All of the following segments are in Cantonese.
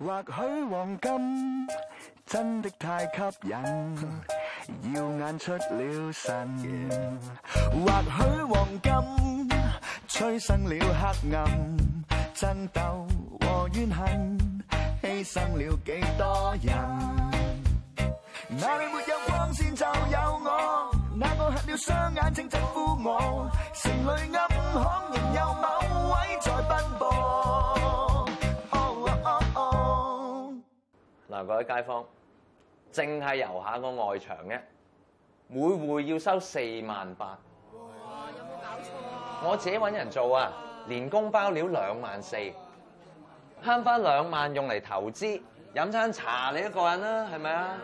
或許黃金真的太吸引，耀眼出了神。或許黃金催生了黑暗，爭鬥和怨恨，犧牲了幾多人。 那裏沒有光線就有我，那個黑了雙眼請直呼我，城裏暗巷仍有某位在奔波。嗱，嗰啲街坊，淨係遊下個外牆嘅，每戶要收四萬八。有冇搞錯？我自己揾人做啊，連工包料兩萬四，慳翻兩萬用嚟投資飲餐茶，你一個人啦，係咪啊？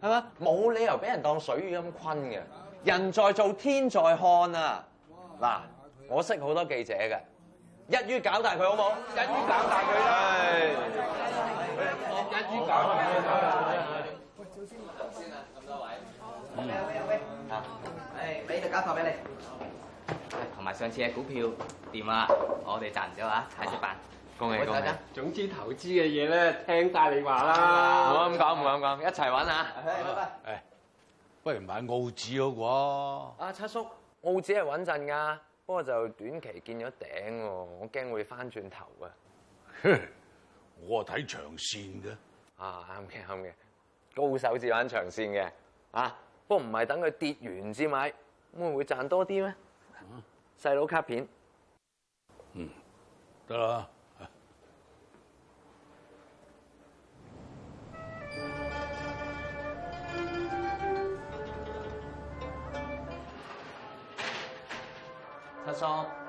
係冇錯。係嘛？冇理由俾人當水魚咁昆嘅。人在做，天在看啊！嗱，我識好多記者嘅，一於搞大佢好冇？哦、一於搞大佢啦！是一支搞啦，首先啊，咁多位，喂喂喂，吓，誒，俾啲教授俾你，同埋上次嘅股票掂啦，我哋賺咗啊，下次辦，恭喜大家！總之投資嘅嘢咧，聽晒你話啦。唔好咁講，唔好咁講，一齊搵啊！拜拜。不如買澳紙好啩？阿七叔，澳紙係穩陣噶，不過就短期見咗頂，我驚會翻轉頭啊。我係睇長線嘅。啊，啊啱嘅啱嘅，高手至玩長線嘅，啊，不過唔係等佢跌完先買，會唔會賺多啲咩？細佬、啊、卡片，嗯，得啦，啊、七叔。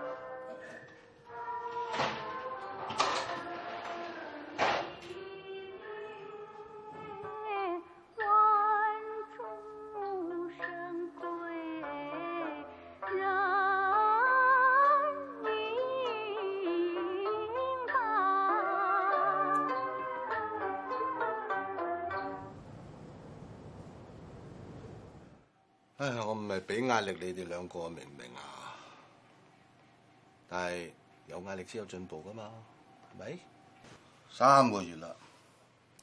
我唔係俾壓力你哋兩個明唔明啊？但係有壓力先有進步噶嘛，係咪三個月啦，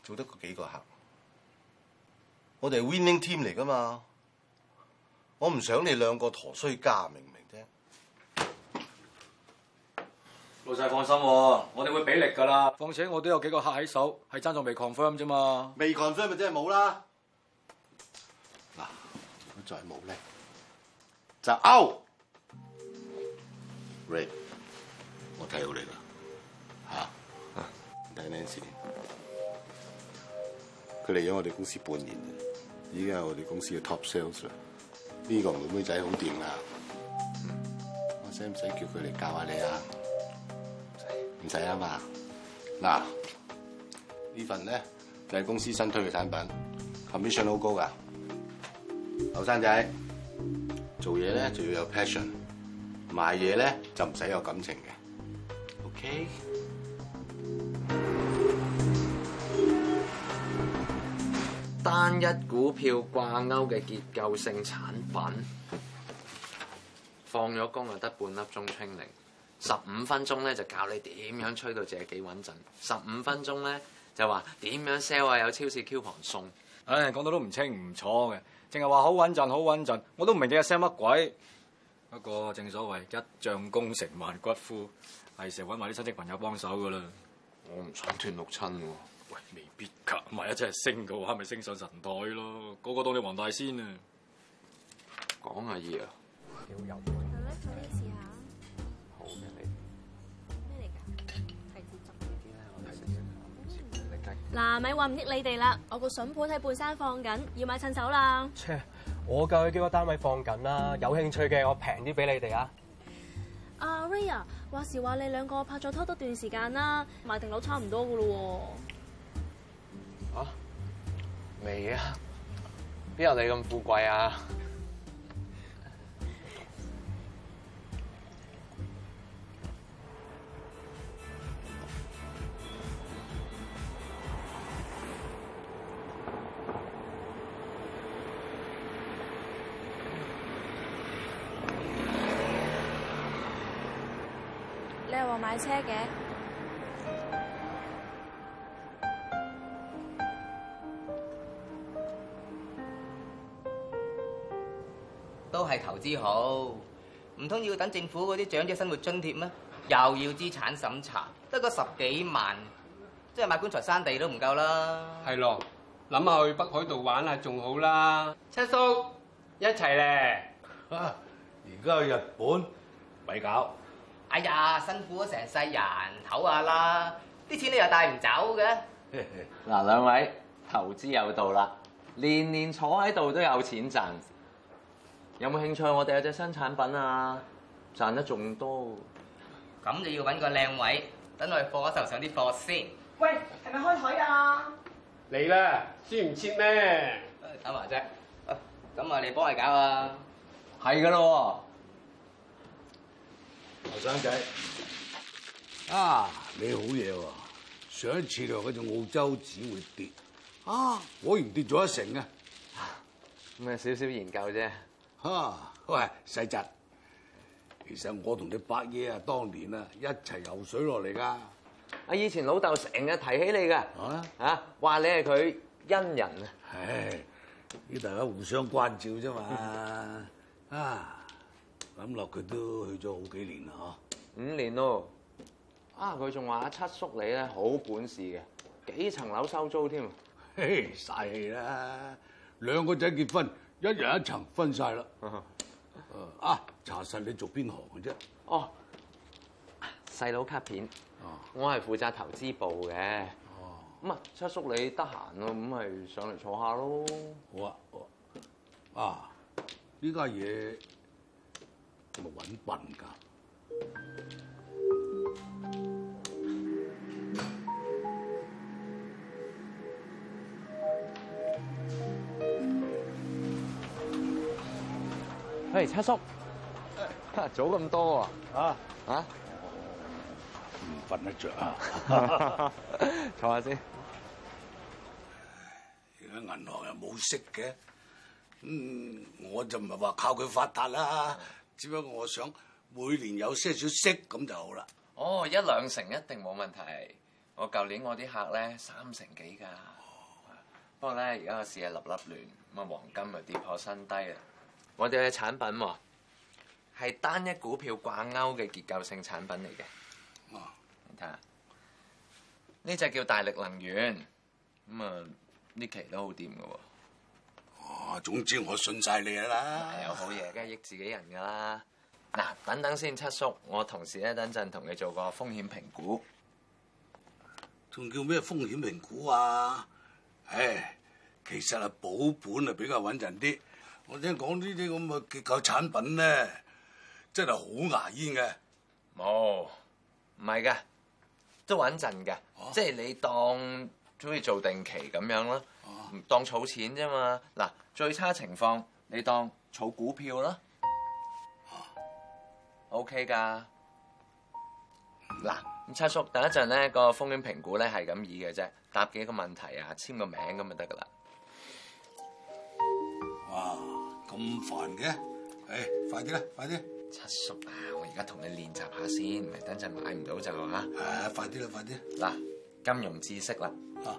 做得個幾個客，我哋係 winning team 嚟噶嘛，我唔想你兩個陀衰家明唔明啫？老細放心，我哋會俾力噶啦。況且我都有幾個客喺手，係爭仲未 confirm 啫嘛。未 confirm 咪真係冇啦。再冇力就 out，Ray 我睇到你啦，吓、啊，睇呢件事，佢嚟咗我哋公司半年了，依家我哋公司嘅 top sales 啦，呢、這個妹妹仔好掂啊，嗯、我使唔使叫佢嚟教下你啊？唔使啊嘛，嗱，呢份呢，就係、是、公司新推嘅產品，commission 好高㗎、嗯後生仔，做嘢咧就要有 passion，賣嘢咧就唔使有感情嘅。OK，單一股票掛鈎嘅結構性產品，放咗工啊，得半粒鐘清零，十五分鐘咧就教你點樣吹到自己幾穩陣，十五分鐘咧就話點樣 sell 啊有超市 coupon 送，唉講到都唔清唔楚嘅。淨係話好穩陣，好穩陣，我都唔明你 sell 乜鬼。不過正所謂一將功成萬骨枯，係成日搵埋啲親戚朋友幫手噶啦。我唔想斷六親喎、啊。喂，未必夾埋一隻升嘅話，咪升上神台咯。個個當你黃大仙啊。講啊，二啊。嗱，咪話唔益你哋啦，我個筍盤喺半山放緊，要買趁手啦。切，我舊係幾個單位放緊啦，有興趣嘅我平啲俾你哋啊。阿、uh, Ray 啊，話時話你兩個拍咗拖多段時間啦，買定樓差唔多噶咯。啊？未啊？邊有你咁富貴啊？買車嘅，都係投資好，唔通要等政府嗰啲長者生活津貼咩？又要資產審查，得個十幾萬，即係買棺材山地都唔夠啦。係咯，諗下去北海道玩呀仲好啦。七叔，一齊咧。而家去日本咪搞？哎呀，辛苦咗成世人，唞下啦！啲錢你又帶唔走嘅。嗱， 兩位投資有道啦，年年坐喺度都有錢賺，有冇興趣我哋有隻新產品啊？賺得仲多。咁你要揾個靚位，等我哋貨嗰時候上啲貨先。喂，係咪開台啊？嚟啦，先唔切咩？等埋啫。咁啊，你幫我搞啊。係噶啦。後生仔啊，你好嘢喎！上一次就嗰隻澳洲紙會跌啊，果然跌咗一成啊！咁啊，少少研究啫。吓、啊，喂，細侄，其實我同你伯爺啊，當年啊一齊游水落嚟噶。啊，以前老豆成日提起你噶，啊，話你係佢恩人啊。唉，要大家互相關照啫嘛。啊。 諗落佢都去咗好幾年啦，吓，五年咯、啊，啊佢仲話七叔你咧好本事嘅，幾層樓收租添，啊，嘿嘥氣啦！兩個仔結婚，一人一層分晒啦，啊查實你做邊行嘅，啊，啫？哦，細佬卡片，我係負責投資部嘅，咁啊七叔你得閒咯，咁咪上嚟坐下咯，好啊，啊呢家嘢。咪揾笨㗎！喂，七叔，早咁多啊？啊？唔瞓得著啊！坐下先。而家銀行又冇息嘅，嗯，我就唔係話靠佢發達啦。只不過我想每年有些少息咁就好啦。哦，一兩成一定冇問題。我舊年我啲客咧，三成幾噶。哦、不過咧而家個市啊，立立亂，咁啊黃金啊跌破新低啦。我哋嘅產品喎、哦、係單一股票掛鈎嘅結構性產品嚟嘅。哦，你睇下呢隻叫大力能源，咁啊呢期都好掂嘅喎。總之我信晒你啦，有好嘢梗係益自己人噶啦。嗱，等等先，七叔，我同事咧等陣同你做個風險評估，仲叫咩風險評估啊？唉，其實係保本啊，比較穩陣啲。我聽講呢啲咁嘅結構產品咧，真係好牙煙嘅。冇，唔係嘅，都穩陣嘅，即係你當。中意做定期咁樣咯，啊、當儲錢啫嘛。嗱，最差情況你當儲股票啦，OK 㗎。嗱、啊，咁、嗯、七叔，等一陣咧、個風險評估咧係咁易嘅啫，答幾個問題啊，簽個名咁咪得㗎啦。哇，咁煩嘅？誒、哎，快啲啦，快啲！七叔啊，我而家同你練習下先，唔係等陣買唔到就嚇。係啊，快啲啦，快啲！嗱、啊。金融知識啦，啊、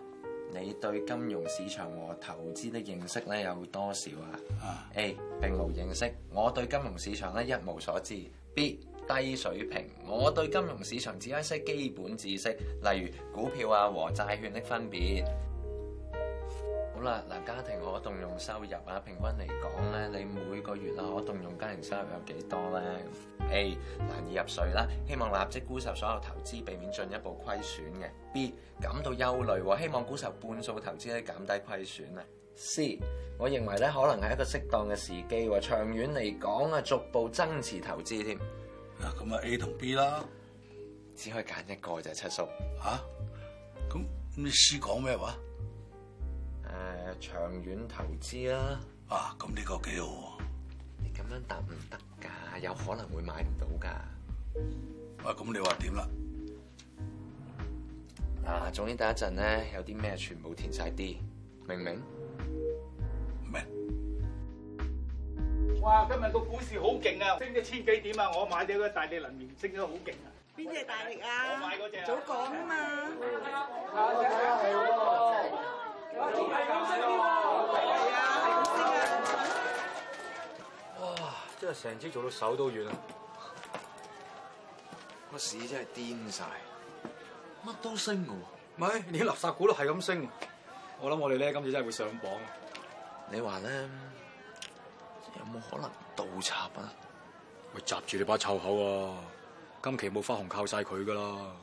你對金融市場和投資的認識咧有多少啊？A 並無認識，我對金融市場咧一無所知。B 低水平，我對金融市場只係一些基本知識，例如股票啊和債券的分別。啦嗱，家庭可動用收入啊，平均嚟講咧，你每個月啊可動用家庭收入有幾多咧？A 難以入睡啦，希望立即估售所有投資，避免進一步虧損嘅。B 感到憂慮，希望估售半數投資咧減低虧損啊。C 我認為咧可能係一個適當嘅時機，話長遠嚟講啊逐步增持投資添。啊，咁啊 A 同 B 啦，只可以揀一個就是、七叔啊？咁你 C 講咩話？誒，長遠投資啦。啊，咁呢個幾好。你咁樣答唔得噶，有可能會買唔到噶。喂，咁你話點啦？啊，總之，等一陣咧，有啲咩全部填晒啲，明唔明？明。哇，今日個股市好勁啊，升咗千幾點啊！我買咗個大利能源，升得好勁啊。邊隻大利啊？我買嗰隻。早講啊嘛。哇！真係成隻做到手都軟啊！個市真係癲晒，乜都升噶。唔係，連垃圾股都係咁升，我諗我哋咧今次真係會上榜。你話咧，有冇可能倒插啊？咪閘住你把臭口啊！今期冇花紅靠晒佢噶啦。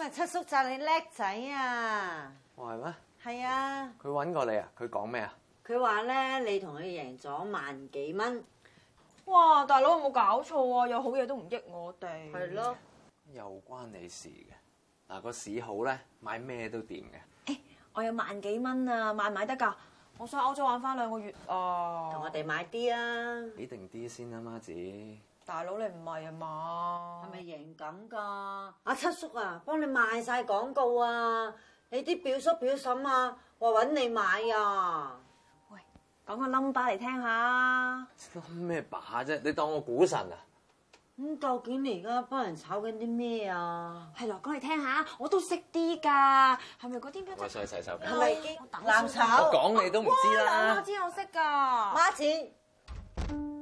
今日七叔讚你叻仔啊！哇係咩？係啊！佢揾過你啊？佢講咩啊？佢話咧你同佢贏咗萬幾蚊。哇，大佬有冇搞錯啊？有好嘢都唔益我哋。係咯，又關你事嘅。嗱、啊、個市好咧，買咩都掂嘅。哎，我有萬幾蚊啊，買唔買得㗎？我想歐洲玩翻兩個月，呃、啊，同我哋買啲啊。俾定啲先啊，媽子。大佬你唔係啊嘛？係咪贏緊噶？阿七叔啊，幫你賣晒廣告啊！你啲表叔表嬸啊，話揾你買啊！喂，講個冧巴嚟聽下。做咩把啫？你當我股神啊？咁究竟你而家幫人炒緊啲咩啊？係咯、啊，講嚟聽下，我都識啲噶。係咪嗰啲咩？我識洗手，係咪濫炒？講你都唔知啦、啊。我知我識噶。孖錢。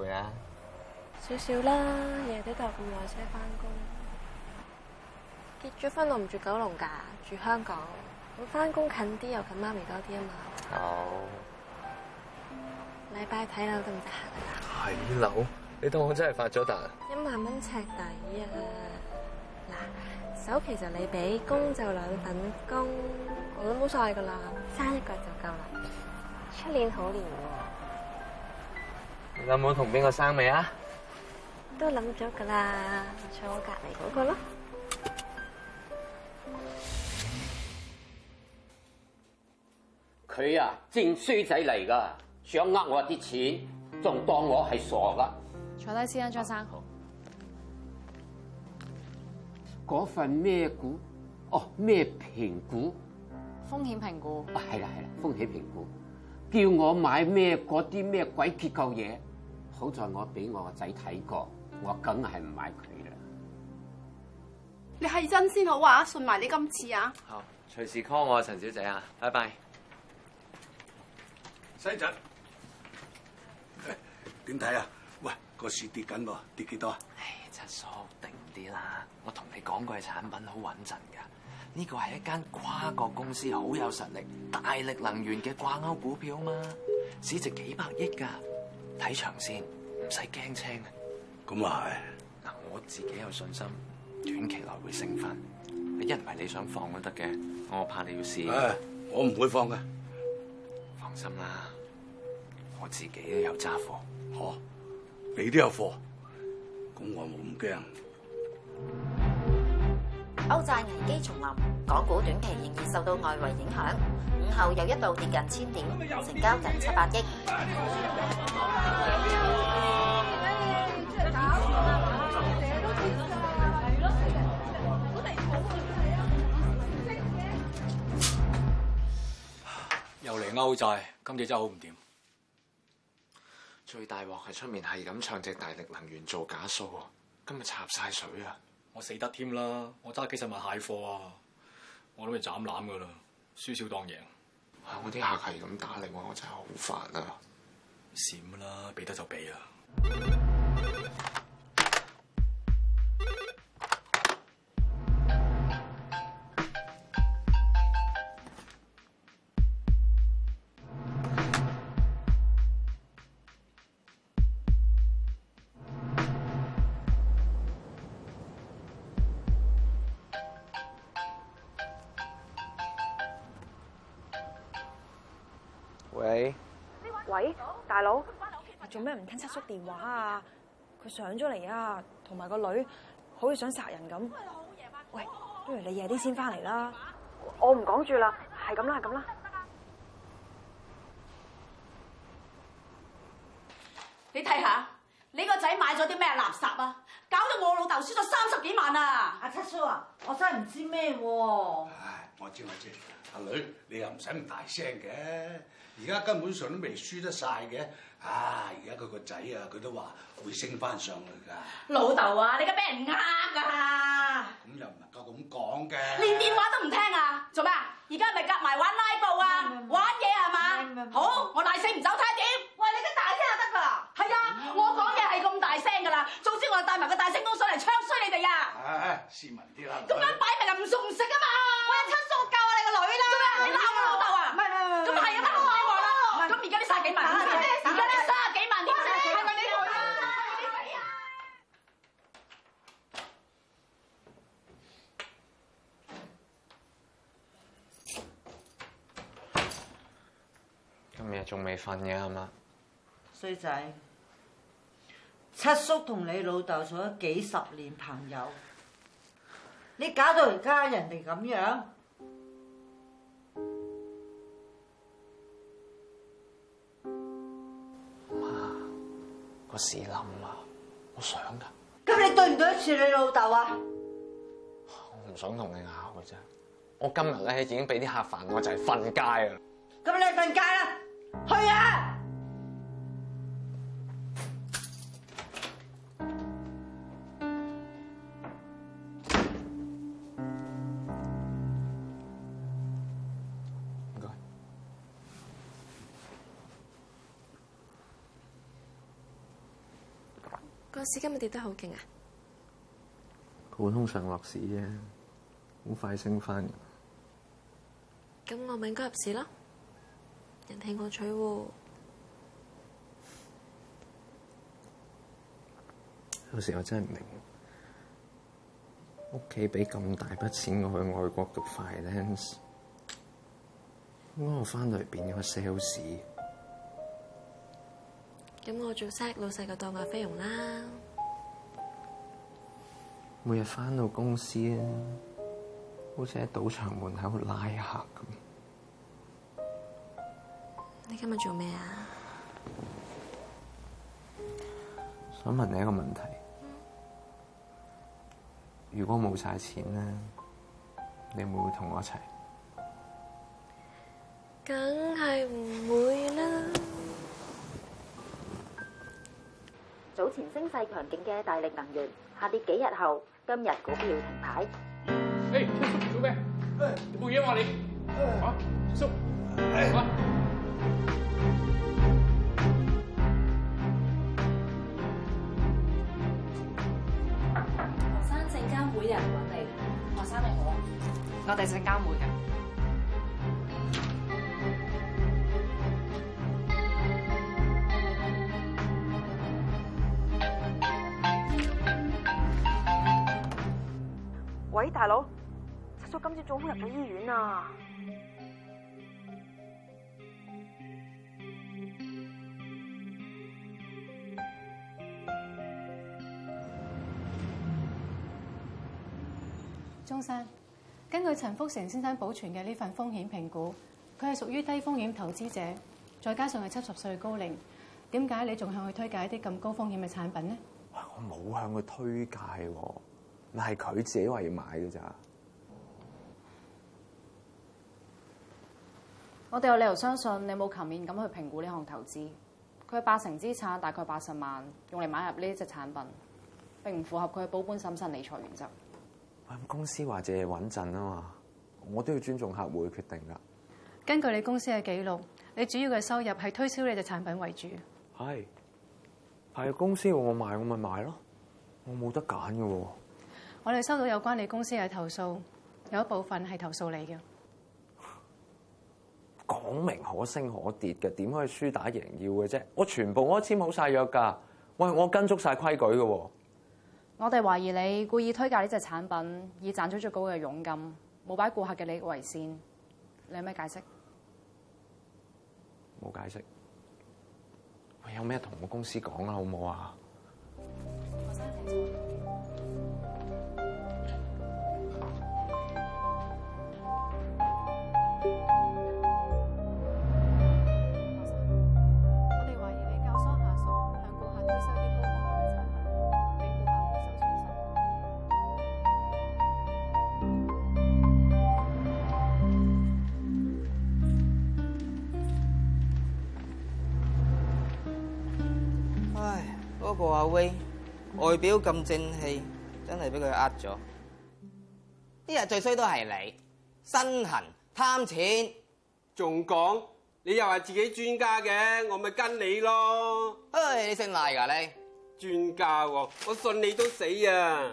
會啊、少少啦，日日都搭咁耐車翻工。結咗婚我唔住九龍噶，住香港。我翻工近啲，又近媽咪多啲啊嘛。好、哦。禮拜睇樓得唔得閒啊？睇樓，你當我真係發咗達？一萬蚊尺底啊！嗱，首期就你俾，供就兩份供，我都冇晒噶啦，生一個就夠啦。出年好年喎。有冇同邊個生未啊？都諗咗噶啦，坐我隔籬嗰個咯。佢啊，正衰仔嚟噶，想呃我啲錢，仲當我係傻噶坐低先啊，張生。嗰好份咩股？哦，咩評估？風險評估。啊、哦，係啦係啦，風險評估，叫我買咩嗰啲咩鬼結構嘢？好在我俾我個仔睇過，我梗係唔買佢啦。你係真先好啊，信埋你今次啊。好，隨時 call 我，陳小姐啊，拜拜西。西仔，點睇啊？喂，個雪跌緊個，跌幾多啊？唉、哎，七叔定啲啦。我同你講過嘅產品好穩陣噶。呢個係一間跨國公司，好有實力，大力能源嘅掛鈎股票嘛，市值幾百億噶。睇長線，唔使驚青嘅。咁啊嗱，啊、我自己有信心，短期內會升翻。一唔係你想放都得嘅，我怕你要蝕。我唔會放嘅。放心啦，我自己都有揸貨。哦，你都有貨，咁我冇咁驚。歐債危機重臨，港股短期仍然受到外圍影響。後又一度跌近千點，成交近七百億。億又嚟歐債，今次真係好唔掂。最大鑊係出面係咁唱隻大力能源做假數，今日插晒水啊！我死得添啦！我揸幾十萬蟹貨啊！我都要斬攬噶啦，輸少當贏。我啲客係咁打你話，我真係好煩啊！閃啦，俾得就俾啊！跟七叔電話啊，佢上咗嚟啊，同埋個女好似想殺人咁。喂，不如你夜啲先翻嚟啦。我唔講住啦，係咁啦，係咁啦。你睇下，你個仔買咗啲咩垃圾啊？搞到我老豆輸咗三十幾萬啊！阿七叔啊，我真係唔知咩喎。唉，我知我知。阿女，你又唔使咁大聲嘅。而家根本上都未輸得晒嘅，啊！而家佢個仔啊，佢都話會升翻上嚟㗎。老豆啊，你而家俾人呃㗎，啊啊。咁、啊、又唔能夠咁講嘅。連電話都唔聽啊？做咩？而家係咪夾埋玩拉布啊？嗯嗯，玩嘢係嘛？嗯嗯嗯嗯，好，我賴死唔走太，睇下點？喂，你而家大聲就得㗎。係啊，我講嘢係咁大聲㗎啦。總之我帶埋個大聲公上嚟，唱衰你哋啊！誒誒，啊，斯文啲啦。咁樣擺。仲未瞓嘅係嘛，衰仔，七叔同你老豆做咗幾十年朋友，你搞到而家人哋咁樣，媽個屎冧啊！我想㗎，咁你對唔對得住你老豆啊？我唔想同你拗嘅啫。我今日咧已經俾啲客煩，我就係瞓街啊。咁你瞓街啦。去啊，唔該。個市今日跌得好勁啊！普通上落市啫，好快升翻。咁我咪應該入市咯。聽我取喎，有時我真係唔明，屋企俾咁大筆錢我去外國讀 finance，我翻嚟變咗 sales。咁我做 set 老細就當個飛龍啦。每日翻到公司咧，好似喺賭場門口拉客咁。你今日做咩啊？想問你一個問題：如果冇晒錢咧，你會唔會同我一齊？梗係唔會啦。早前聲勢強勁嘅大力能源下跌幾日後，今日股票停牌。誒，做咩？誒，我冤枉你。誒，啊，叔。誒，啊。我哋證監會嘅，喂，大佬，七叔今次做乜入咗醫院啊，中山。根據陳福成先生保存嘅呢份風險評估，佢係屬於低風險投資者，再加上係七十歲高齡，點解你仲向佢推介一啲咁高風險嘅產品呢？我冇向佢推介，嗱係佢自己話要買嘅咋。我哋有理由相信你冇全面咁去評估呢項投資。佢嘅八成資產大概八十萬，用嚟買入呢一隻產品，並唔符合佢嘅保本審慎理財原則。公司話借穩陣啊嘛，我都要尊重客戶嘅決定㗎。根據你公司嘅記錄，你主要嘅收入係推銷你嘅產品為主。係係公司叫我賣，我咪賣咯。我冇得揀嘅喎。我哋收到有關你公司嘅投訴，有一部分係投訴你嘅。講明可升可跌嘅，點可以輸打贏要嘅啫？我全部我都簽好晒約㗎。喂，我跟足晒規矩嘅喎。我哋懷疑你故意推介呢隻產品，以賺取最高嘅佣金，冇擺顧客嘅利益為先。你有咩解釋？冇解釋。喂，有咩同我公司講啦，好唔好啊？我先請外表咁正氣，真係俾佢呃咗。呢日最衰都係你，身痕貪錢，仲講你又話自己專家嘅，我咪跟你咯。唉，你姓賴㗎你？專家喎，我信你都死啊！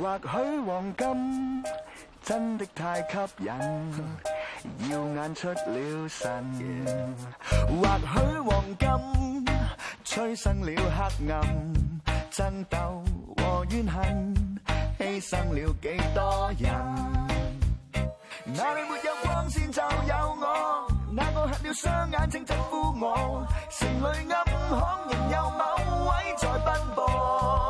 或許黃金真的太吸引，耀眼出了神。或許黃金催生了黑暗，爭鬥和怨恨，犧牲了幾多人。 那裏沒有光線就有我，那個黑了雙眼正直呼我，城裏暗巷仍有某位在奔波。